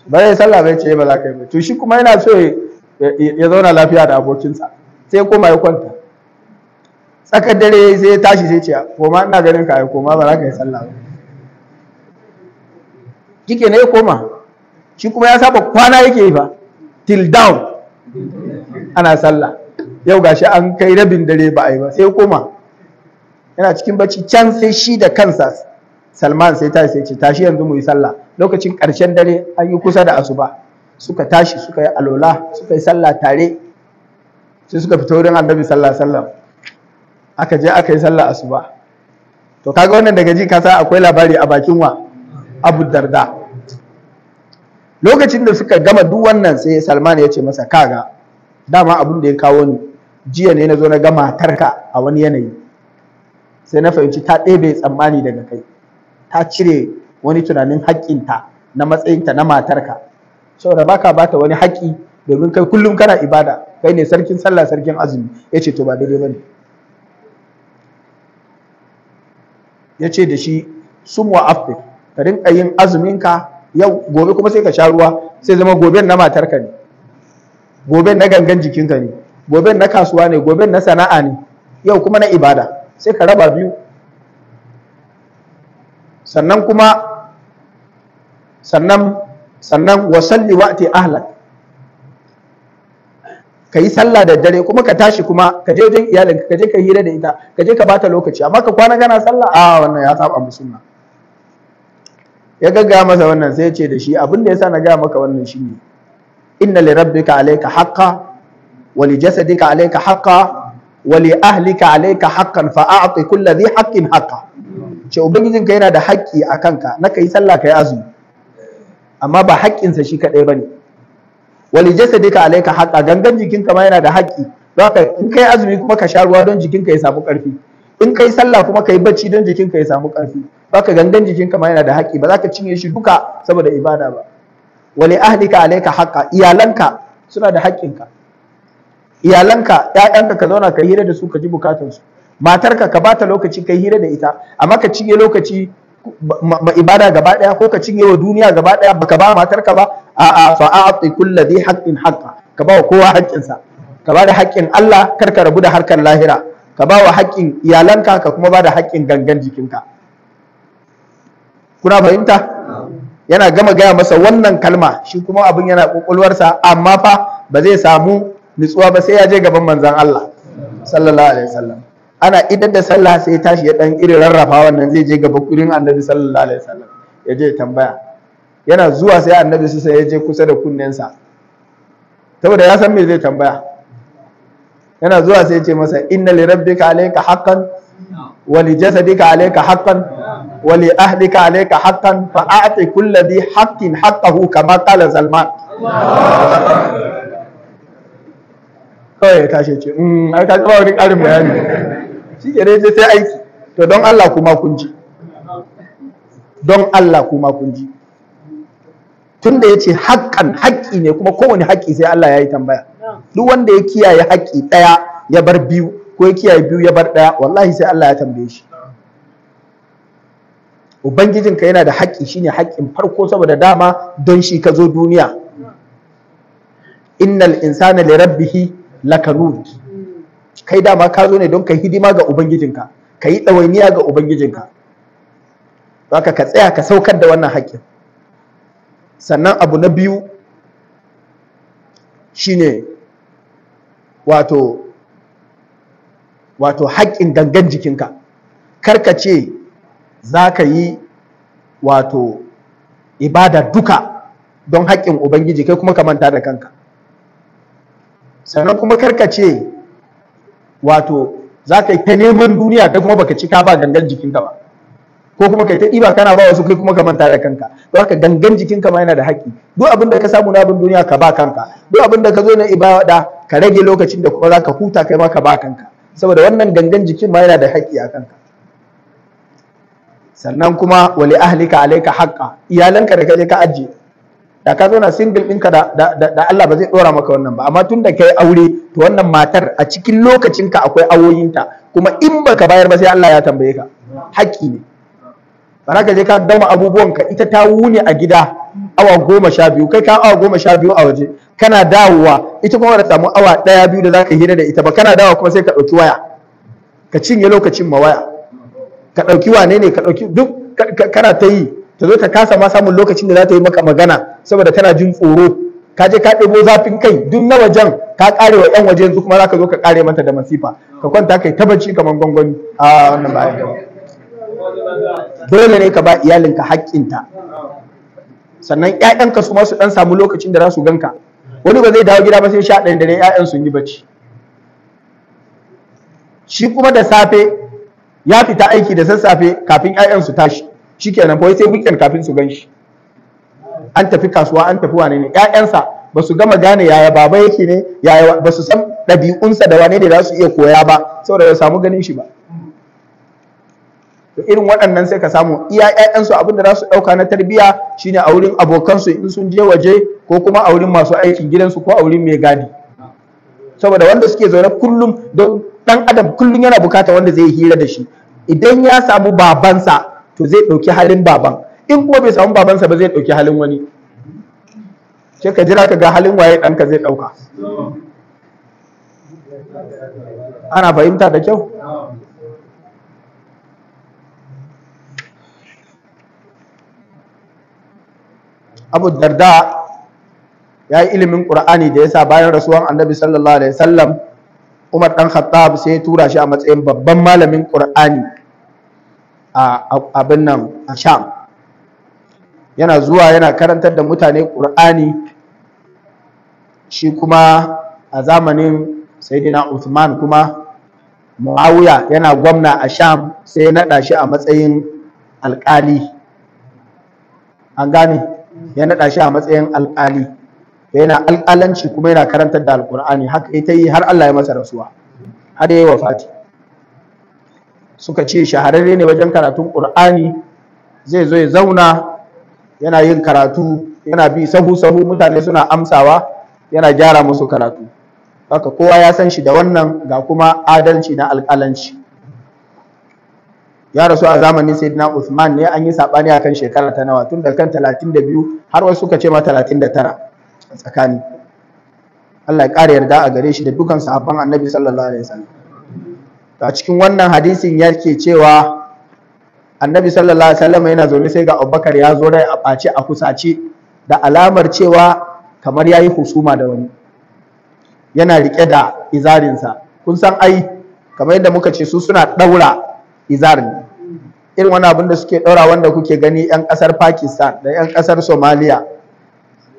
ba zai sallah bai ce eh, ba za ka yi ba to shi kuma yana so ya zauna lafiya da abokinsa sai kuma ya kwanta tsakar dare sai ya tashi sai ce koma ina ganin ka koma ba za ka yi sallah ba kike ne koma shi kuma ya saba kwana yake yi fa till down ana sallah yau gashi an kai rabin dare ba a yi ba sai koma yana cikin bacci can sai shi da kansa salman sai tashi sai ce tashi yanzu mu yi sallah lokacin ƙarshen dare an yi kusa da asuba suka tashi suka yi alola suka yi sallah tare sai suka fito wurin annabi sallallahu alaihi wasallam aka je aka yi sallah asuba to kaga wannan daga ji kasa akwai labari a bakin wa abu darda lokacin da suka gama duk wannan sai salman ya ce masa kaga dama abin da ya kawo ni jiya ne na zo na gama tarka a wani yanayi sai na fahimci ta ɗebe tsammani daga kai ta cire wani tunanin haƙƙinta na matsayinta na matarka saboda baka bata wani haƙƙi domin kai kullum kana ibada kai ne sarkin sallah sarkin azumi yace to ba daidai ne. ya ce da shi sun wa ka rinka yin azuminka yau gobe kuma sai ka sha ruwa sai zama gobe na matarka ne goben na gangan jikinka ne goben na kasuwa ne goben na sana'a ne yau kuma na ibada sai ka raba biyu sannan kuma sannan sannan wasalli ahlak ka yi sallah da dare kuma ka tashi kuma ka je wajen iyalinka ka je ka hira da ita ka je ka bata lokaci amma ka kwana kana sallah a wannan ya saba musulma ya gaga masa wannan sai ya ce da shi abin da yasa na gaya maka wannan shine inna li rabbika alayka haqqan wa li jasadika alayka haqqan wa li ahlika alayka haqqan fa a'ti kulli dhi haqqin haqqan ce ka yana da haƙƙi a kanka na ka yi sallah ka yi azumi amma ba haƙƙinsa shi kaɗai ba ne wali jasadika alayka haqqa gangan jikinka ma yana da haƙƙi don haka in kai azumi kuma ka sha ruwa don jikinka ya samu ƙarfi in kai sallah kuma ka yi bacci don jikinka ya samu ƙarfi baka gangan jikinka ma yana da haƙƙi ba za ka cinye shi duka saboda ibada ba wali ahlika alayka haqqa iyalanka suna da haƙƙinka iyalanka ƴaƴanka ka zauna ka hira da su ka ji bukatunsu matarka ka bata lokaci ka hira da ita amma ka cinye lokaci ibada gaba daya ko ka cinye wa duniya gaba daya baka ba matarka ba a'a fa a'ti kulli dhi haqqin haqqa ka ba kowa sa. ka ba da haƙƙin Allah kar ka rabu da harkar lahira ka ba wa haƙƙin iyalanka ka kuma ba da haƙƙin gangan jikinka kuna fahimta yana gama gaya masa wannan kalma shi kuma abin yana kokolwarsa amma fa ba zai samu nutsuwa ba sai ya je gaban manzon Allah sallallahu alaihi wasallam ana idan da sallah sai ya tashi ya dan irin rarrafa wannan zai je gaba kurin annabi sallallahu alaihi wasallam ya je tambaya yana zuwa sai annabi su sai ya je kusa da kunnensa saboda ya san me zai tambaya yana zuwa sai ya ce masa inna li rabbika alayka haqqan wa li jasadika alayka haqqan wa li ahlika alayka haqqan fa a'ti kulli dhi haqqin haqqahu kama qala salman kawai ya tashi ce hmm, ai ka ba wani karin bayani shi ke ne ta aiki to don Allah kuma kun ji don Allah kuma kun ji tun da ya ce haƙƙan haƙƙi ne kuma kowane haƙƙi sai Allah ya yi tambaya duk wanda ya kiyaye haƙƙi ɗaya ya bar biyu ko ya kiyaye biyu ya bar ɗaya wallahi sai Allah ya tambaye shi ubangijinka yana da haƙƙi shine haƙƙin farko saboda dama don shi ka zo duniya innal insana li rabbihi lakanud kai dama ka zo ne don ka hidima ga ubangijinka ka yi ɗawainiya ga ubangijinka za ka tsaya ka saukar da wannan haƙƙin sannan abu na biyu shine wato wato haƙƙin gangan jikinka karka ce za ka yi wato ibada duka don haƙƙin ubangiji kai kuma ka manta da kanka sannan kuma karka ce wato za ka yi ta neman duniya kai kuma baka cika ka ba gangan jikinka ba ko kuma kai ta ɗiba kana ba wasu kai kuma ka manta da kanka To haka gangan jikinka ma yana da haƙƙi duk abin da ka samu na abin duniya ka ba kanka duk abin da ka zo na ibada ka rage lokacin da kuma za ka huta kai ma ka ba kanka saboda wannan gangan jikin ma yana da haƙƙi a kanka sannan kuma wali ahlika alaika haqqa iyalanka da kai ka ajiye da ka zauna single ɗinka da, da, da, Allah ba zai ɗora maka wannan ba amma tun da kai aure to wannan matar a cikin lokacinka akwai awoyinta kuma in baka bayar ba sai Allah ya tambaye ka haƙƙi ne ba ka je ka dama ka ita ta wuni a gida awa goma sha biyu kai ka awa goma sha biyu a waje kana dawowa ita kuma ta samu awa ɗaya biyu da za ka hira da ita ba kana dawowa kuma sai ka ɗauki waya ka cinye lokacin ma waya ka ɗauki wane ne ka ɗauki duk kana ta yi ta zo ta kasa ma samun lokacin da za ta yi maka magana saboda tana jin tsoro ka je ka ɗebo zafin kai duk na wajen ka ƙare wa ƴan waje yanzu kuma za ka zo ka ƙare mata da masifa ka kwanta kai ta bacci kamar gwangwani a wannan ba dole ne ka ba iyalinka haƙƙinta sannan ƴaƴanka su ma su ɗan samu lokacin da za su ganka wani ba zai dawo gida ba sai sha da ne ƴaƴan sun yi bacci shi kuma da safe ya fita aiki da sassafe kafin ƴaƴan su tashi shikenan fa sai weekend kafin su ganshi an tafi kasuwa an tafi wane ne ƴaƴansa ba su gama gane yaya baba yake ne yaya ba su san ɗabi'unsa da wane ne za su iya koya ba saboda ba samu ganin shi ba to irin waɗannan sai ka samu iya ƴaƴansu abin da za su ɗauka na tarbiyya shine a wurin abokansu in sun je waje ko kuma a wurin masu aikin gidansu ko a wurin mai gadi saboda wanda suke zaune kullum don ɗan adam kullum yana bukata wanda zai hira da shi idan ya samu babansa to zai ɗauki halin baban in kuma bai samu babansa ba zai ɗauki halin wani ce ka jira ka ga halin waye ɗanka zai ɗauka ana fahimta da kyau abu darda ya yi ilimin ƙur'ani da ya sa bayan rasuwan annabi sallallahu alaihi wasallam umar ɗan khattab sai ya tura shi a matsayin babban malamin ƙur'ani a abin nan a sham yana zuwa yana karantar da mutane ƙur'ani shi kuma a zamanin saidina Usman kuma Muawiya yana gwamna a Sham sai ya naɗa shi a matsayin alƙali an gane ya naɗa shi a matsayin alƙali yana alƙalanci kuma yana karantar da alƙur'ani haka ita yi har Allah ya masa rasuwa har ya yi wafati suka ce shahararre ne wajen karatun ƙur'ani zai zo ya zauna yana yin karatu yana bi sahu sahu mutane suna amsawa yana gyara musu karatu haka kowa ya san shi da wannan ga kuma adalci na alƙalanci ya rasu a zamanin sayyidina Usman ne an yi saɓani a kan shekara ta nawa tun da kan 32 har wasu suka ce ma 39 tsakani Allah ya ƙara yarda a gare shi da dukan sahabban Annabi sallallahu alaihi wasallam a cikin wannan hadisin yake cewa annabi sallallahu alaihi wasallam yana zaune sai ga abubakar ya zo rai a ɓace a kusace da alamar cewa kamar ya yi husuma da wani yana riƙe da izarinsa kun san ai kamar yadda muka ce su suna ɗaura izarin. irin wani abin da suke ɗaura wanda kuke gani 'yan ƙasar pakistan da 'yan ƙasar somaliya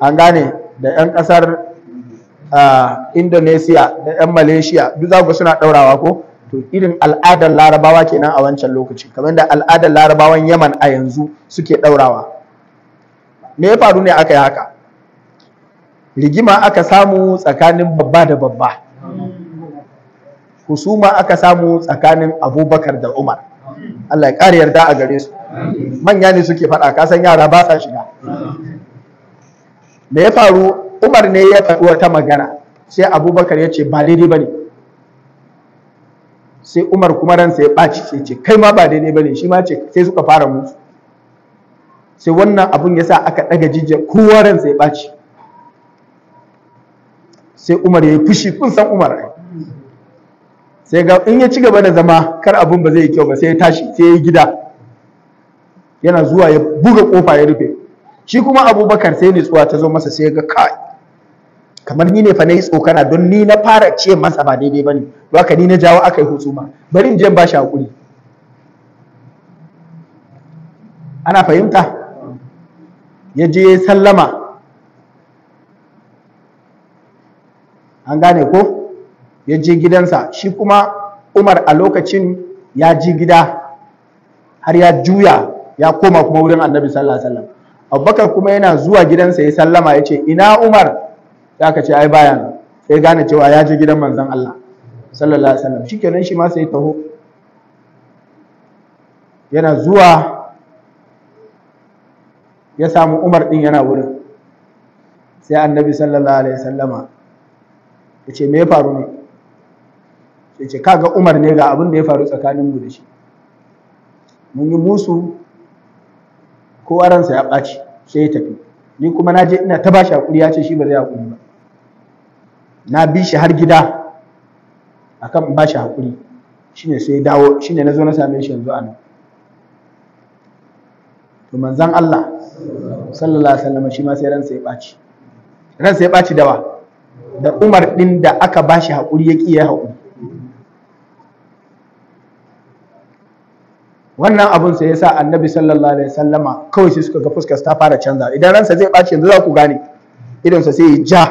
an gane da 'yan ƙasar ah, indonesia da 'yan malaysia duk za ku suna ɗaurawa ko to irin al'adar larabawa kenan a wancan lokaci kamar da al'adar larabawan yaman a yanzu suke ɗaurawa me ya faru ne aka yi haka rigima aka samu tsakanin babba da babba husuma aka samu tsakanin abubakar da umar allah ya ƙara yarda a gare su manya ne suke faɗa kasan yara ba sa shiga me ya faru umar ne ya faɗi wata magana sai abubakar ya ce ba daidai ba ne sai Umar kuma ransa ya ɓaci sai ce kai ma ba daidai bane shi ma ce sai suka fara musu sai wannan abun yasa aka ɗaga jijiyar kowa ransa ya ɓaci sai Umar ya yi fushi kun san Umar sai ga in ya ci gaba da zama kar abun ba zai yi kyau ba sai ya tashi sai ya yi gida yana zuwa ya buga kofa ya rufe shi kuma abubakar sai nutsuwa ta zo masa sai ga kai kamar ni ne fa na yi tsokana don ni na fara ce masa ba daidai bane ne haka ni na jawo aka yi husuma bari in je ba shi hakuri ana fahimta ya je sallama an gane ko ya je gidansa shi kuma umar a lokacin ya ji gida har ya juya ya koma kuma wurin annabi sallallahu alaihi wasallam abubakar kuma yana zuwa gidansa ya sallama ya ce ina umar sai aka ce ai baya nan. sai gane cewa ya je gidan manzon Allah sallallahu alaihi wasallam shikenan shi ma sai taho yana zuwa ya samu Umar din yana wurin sai annabi sallallahu alaihi wasallama ya ce me ya faru ne ya ce kaga Umar ne ga abin da ya faru tsakanin mu da shi mun yi musu ko ransa ya ɓaci sai ya tafi ni kuma na je ina ta bashi hakuri ya ce shi ba zai hakuri ba na bi shi har gida akan ba shi hakuri shine sai dawo shine ne na same shi yanzu a nan to manzan Allah sallallahu alaihi wasallam shi ma sai ransa ya baci ransa ya baci dawa da Umar din da aka ba shi hakuri ya kiyaye hakuri wannan abun sai yasa annabi sallallahu alaihi wasallama kawai sai suka ga fuskar ta fara canza idan ransa zai baci yanzu za ku gane idonsa sai ya ja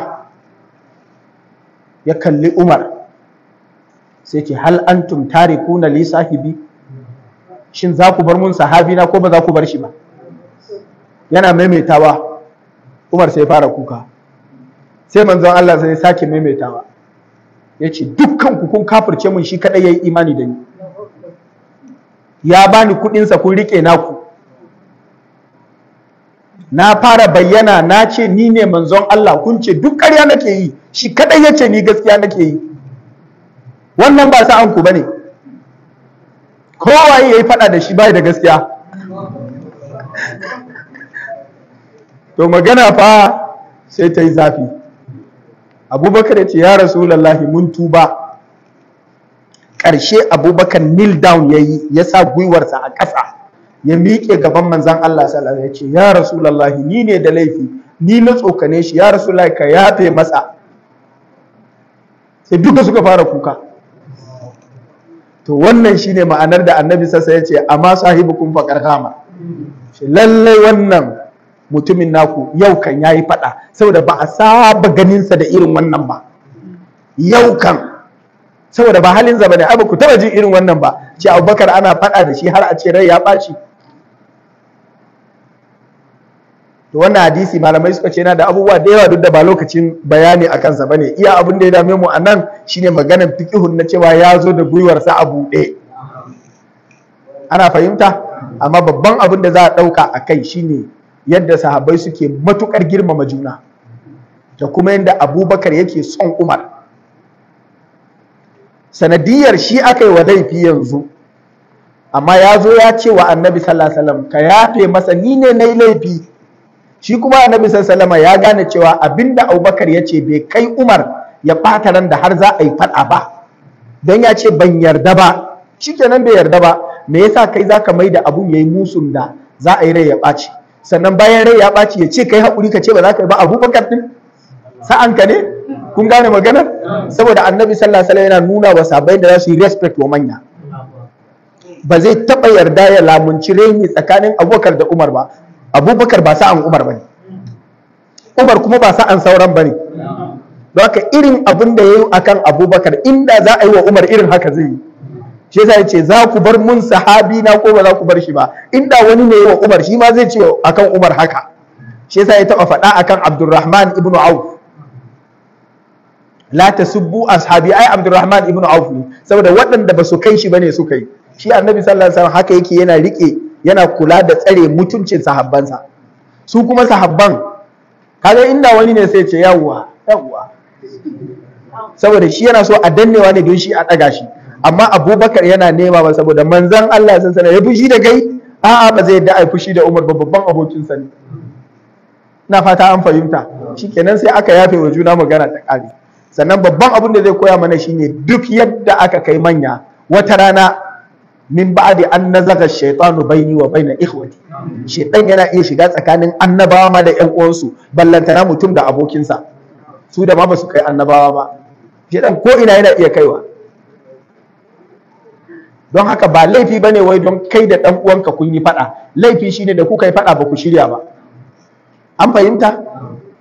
ya kalli Umar sai ce hal antum na li sahibi shin za ku bar mun sahabi na ko ba za ku bar shi ba yana maimaitawa Umar sai fara kuka sai manzon Allah sai sake maimaitawa ya ce dukkan ku kun kafirce mun shi kadai yi imani da ni ya bani kuɗinsa kun rike naku na fara bayyana na ce ni ne manzon Allah kun ce duk ƙarya nake yi shi kadai yace ni gaskiya nake yi wannan ba sa'an ku bane kowaye yayi faɗa da shi bai da gaskiya to magana fa sai ta yi zafi abubakar ya ce ya lallahi mun tuba Karshe abubakar nil down ya yi ya sa gwiwarsa a ƙasa ya miƙe gaban manzan Allah sallallahu ya ce ya lallahi ni ne da laifi ni na tsokane shi ya rasulallahi ka yafe masa sai duka suka fara kuka to wannan shine ma'anar da annabi sassa ya ce amma sahibukum faqar hama lallai wannan mutumin naku yau kan yayi fada saboda ba a saba ganinsa da irin wannan ba yau kan saboda ba halin zaba ne ai ba ku taba jin irin wannan ba ce abubakar ana fada da shi har a ce rai ya ɓaci to wannan hadisi malamai suka ce yana da abubuwa da yawa duk da ba lokacin bayani a kansa bane iya abin da ya dame mu anan shine maganar fiqhun na cewa ya zo da gwiwar sa a buɗe ana fahimta amma babban abin da za a ɗauka a kai shine yadda sahabbai suke matukar girmama juna da kuma yadda abubakar yake son umar sanadiyar shi aka yi wa laifi yanzu amma ya zo ya ce wa annabi sallallahu alaihi wasallam ka yafe masa ni ne na laifi shi kuma annabi sallallahu ya gane cewa abinda Abubakar ya ce bai kai Umar ya ɓata ran da har za a yi faɗa ba don ya ce ban yarda ba shikenan bai yarda ba me yasa kai zaka mai da abun yayi musun da za a yi rai ya ɓaci sannan bayan rai ya ɓaci ya ce kai hakuri ka ce ba za ka yi ba Abubakar din sa'an ka ne kun gane maganar saboda annabi sallallahu alaihi yana nuna wa sabai da za su yi respect wa manya ba zai taɓa yarda ya lamunci raini tsakanin abubakar da umar ba abubakar ba sa'an umar ba ne, umar kuma ba sa'an sauran ba ne. don haka irin abin da ya yi akan abubakar inda za a yi wa umar irin haka zai yi shi ya ce za ku bar mun sahabi na ko ba za ku bar shi ba inda wani ne wa umar shi ma zai ce akan umar haka shi ya taba faɗa akan abdurrahman ibnu auf la tasubbu ashabi ai abdurrahman ibnu auf ne saboda waɗanda ba su kai shi ba ne suka yi shi annabi sallallahu alaihi wasallam haka yake yana riƙe. yana kula da tsare mutuncin sahabbansa su kuma sahabban kaga inda wani ne sai ce yawwa yawwa saboda shi yana so a dannewa ne don shi a ɗaga shi amma abubakar yana nema ba saboda manzan Allah sun sanar ya fushi da kai a'a ba zai yadda a fushi da Umar babban abokin sani na fata an fahimta shikenan sai aka yafe wa juna magana ta kare sannan babban abin da zai koya mana shine duk yadda aka kai manya wata rana min ba'di an nazaga shaytanu bayni wa bayna ikhwati shaytan yana iya shiga tsakanin annabawa ma da ƴan uwansu ballantana mutum da abokinsa su da ma ba su kai annabawa ba shaytan ko ina yana iya kaiwa don haka ba laifi bane wai don kai da ɗan uwanka kun yi faɗa laifi shine da kuka yi faɗa ba ku shirya ba an fahimta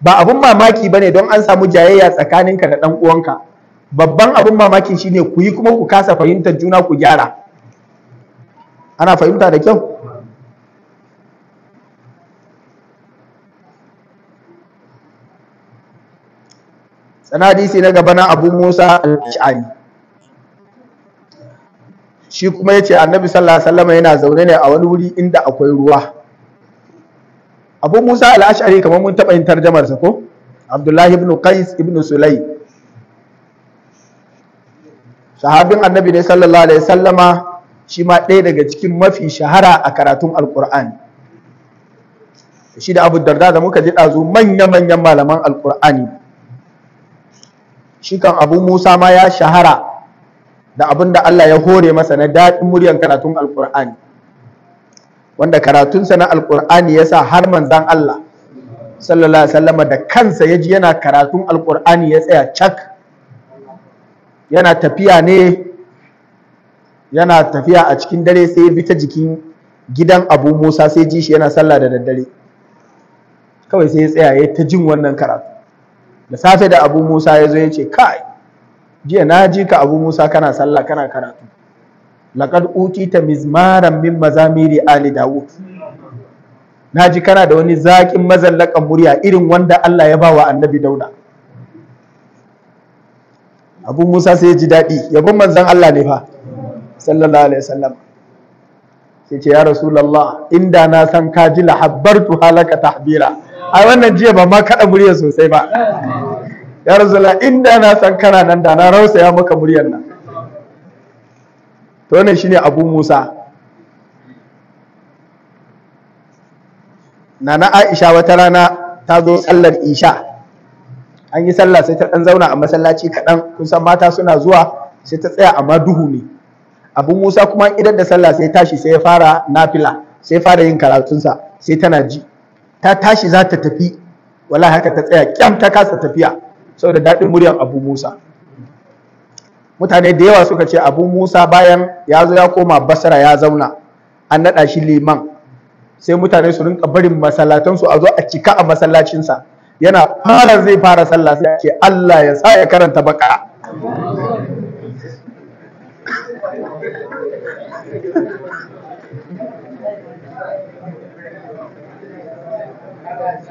ba abun mamaki bane don an samu jayayya tsakaninka da ɗan uwanka babban abun mamaki shine ku yi kuma ku kasa fahimtar juna ku gyara ana fahimta da kyau Sanadisi na gaba na abu musa al-ash'ari shi kuma yace annabi sallallahu alaihi wasallam yana zaune ne a wani wuri inda akwai ruwa abu musa al-ash'ari kamar mun taɓa yin tarjamar sa ko abdullahi ibn qais ibn sulay sahabin annabi ne sallallahu alaihi wasallama shi ma ɗaya daga cikin mafi shahara a karatun Alƙur'ani. shi da abu darda da muka ji ɗazu manya-manyan malaman alkur'ani shi kan abu musa ma ya shahara da abin da allah ya hore masa na daɗin muryan karatun Alƙur'ani. wanda karatunsa na Alƙur'ani ya sa har manzan allah sallallahu alaihi Sallama da kansa ya ji yana karatun alkur'ani ya tsaya cak yana tafiya ne yana tafiya a cikin dare sai ya bi ta jikin gidan abu musa sai ji shi yana sallah da daddare kawai sai ya tsaya ya ta jin wannan karatu da safe da abu musa ya zo ya ce kai jiya na ji ka abu musa kana sallah kana karatu laqad utita mizmaran min mazamiri ali dawud na ji kana da wani zaƙin mazallakan murya irin wanda Allah ya bawa annabi dauda abu musa sai ya ji daɗi yabon manzan Allah ne fa sallallahu alaihi wasallam sai ce ya rasulullah inda na san ka ji lahabbartu halaka tahbira ai wannan jiya ba ma kada murya sosai ba ya rasulullah inda na san kana nan da na ya maka muryar nan to wannan shine abu musa nana aisha wata rana ta zo sallar isha an yi sallah sai ta dan zauna a masallaci kaɗan kun mata suna zuwa sai ta tsaya amma duhu ne abu musa kuma idan da sallah sai tashi sai ya fara nafila sai fara yin karatunsa sai tana ji ta tashi za ta tafi wala haka ta tsaya kyam ta kasa tafiya saboda daɗin muryar abu musa mutane da yawa suka ce abu musa bayan ya zo ya koma basara ya zauna an naɗa shi liman sai mutane su rinka barin masallatansu a zo a cika a masallacinsa yana fara zai fara sallah sai ce allah ya sa ya karanta baka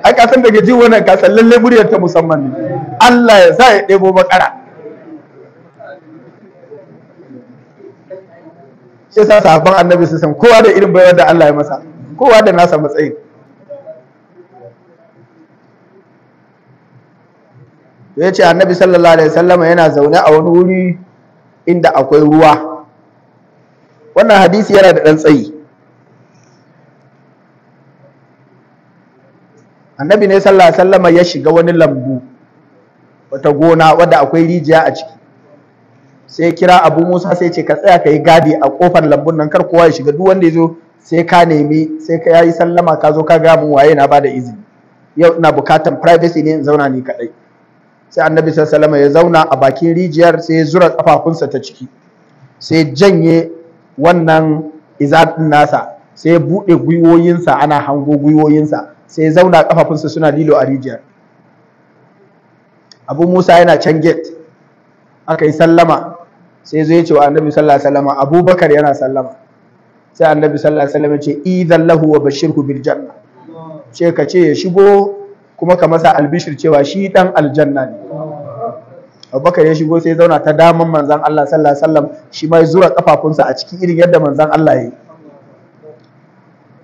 ai ka san daga ji wannan ka san lalle muryar ta musamman ne Allah ya sa ya ɗebo bakara shi sa sabon annabi sai san kowa da irin bayar da Allah ya masa kowa da nasa matsayi to yace annabi sallallahu alaihi wasallam yana zaune a wani wuri inda akwai ruwa wannan hadisi yana da ɗan tsayi annabi ne sallallahu alaihi wasallam ya shiga wani lambu wata gona wadda akwai rijiya a ciki sai kira Abu Musa sai ce ka tsaya ka yi gadi a kofar lambun nan kar kowa ya shiga duk wanda ya zo sai ka nemi sai ka yayi sallama ka zo ka ga mu waye na bada izini yau ina bukatan privacy ne in zauna ni kadai sai annabi sallallahu ya zauna a bakin rijiyar sai ya zura kafafunsa ta ciki sai janye wannan izadin nasa sai ya buɗe gwiwoyinsa ana hango gwiwoyinsa sai ya zauna kafafunsa suna lilo a rijiyar abu musa yana can gate aka yi sallama sai zai ce wa annabi sallallahu alaihi wasallam abubakar yana sallama sai annabi sallallahu alaihi wasallam ce idan lahu wa bashirhu bil janna ce ka ce ya shigo kuma ka masa albishir cewa shi dan aljanna ne abubakar ya shigo sai zauna ta daman manzan Allah sallallahu alaihi wasallam shi ma zura kafafunsa a cikin irin yadda manzan Allah ya yi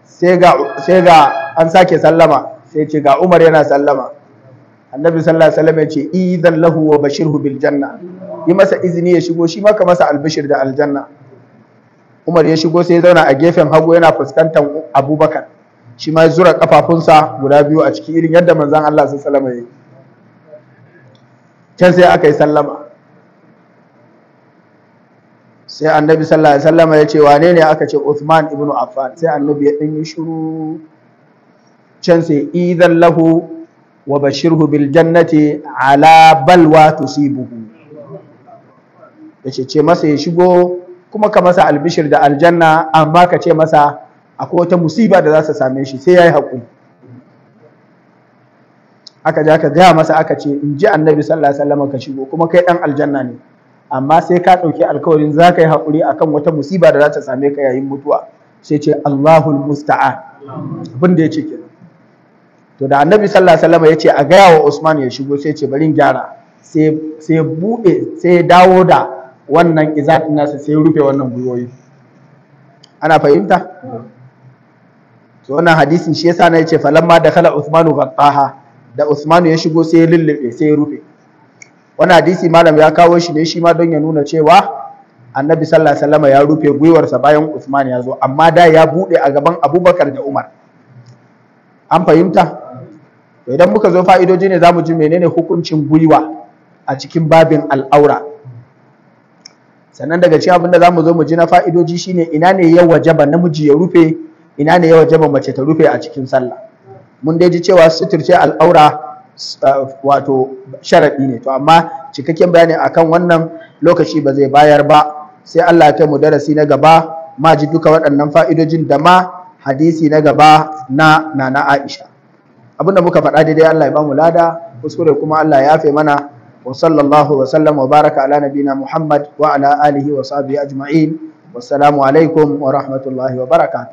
sai ga sai ga an sake sallama sai ce ga Umar yana sallama annabi sallallahu alaihi wasallam ya ce idan lahu wa bashirhu bil janna yi masa izini ya shigo shi maka masa albashir da aljanna Umar ya shigo sai ya zauna a gefen hagu yana fuskantar Abubakar shi ma zura kafafunsa guda biyu a ciki irin yadda manzon Allah sallallahu alaihi wasallam ya yi can sai aka yi sallama sai annabi sallallahu alaihi wasallam ya ce wane ne aka ce Uthman ibn Affan sai annabi ya dan shiru can sai idan lahu wa bashirhu bil jannati ala balwa tusibuhu Ya ce ce masa ya shigo kuma ka masa albishir da aljanna amma ka ce masa akwai wata musiba da za su same shi sai ya yi haƙuri aka ja ka gaya masa aka ce in ji annabi sallallahu alaihi ka shigo kuma kai dan aljanna ne amma sai ka ɗauki alkawarin za ka yi haƙuri akan wata musiba da za ta same ka yayin mutuwa sai ce Allahul musta'an abin ya ce to da annabi sallallahu alaihi wasallam ya ce a gaya wa Usman ya shigo sai ce bari gyara sai sai bude sai dawo da wannan izatin nasa sai rufe wannan gwiwoyi ana fahimta to wannan hadisin shi yasa na yace falamma da khala Usmanu ghattaha da Usmanu ya shigo sai ya lullube sai ya rufe wannan hadisi malam ya kawo shi ne shi ma don ya nuna cewa annabi sallallahu alaihi wasallam ya rufe gwiwarsa bayan Usman ya zo amma da ya bude a gaban Abubakar da Umar an fahimta idan muka zo fa'idoji ne za mu ji menene hukuncin gwiwa a cikin babin al'aura sannan daga cikin abinda da za mu zo mu ji na fa'idoji shine ina ne ya wajaba namiji ya rufe ina ne ya wajaba mace ta rufe a cikin sallah mun dai ji cewa suturce al'aura uh, wato sharaɗi ne to amma cikakken bayani akan wannan lokaci ba zai bayar ba sai Allah ya kai mu darasi na gaba ma ji duka waɗannan fa'idojin da ma hadisi na gaba na nana Aisha abinda muka faɗa daidai Allah ya bamu lada kuskure kuma Allah ya yafe mana wa sallallahu wa sallam wa baraka ala nabina Muhammad wa ala alihi wa sahbihi ajma'in wassalamu alaikum wa rahmatullahi wa barakatuh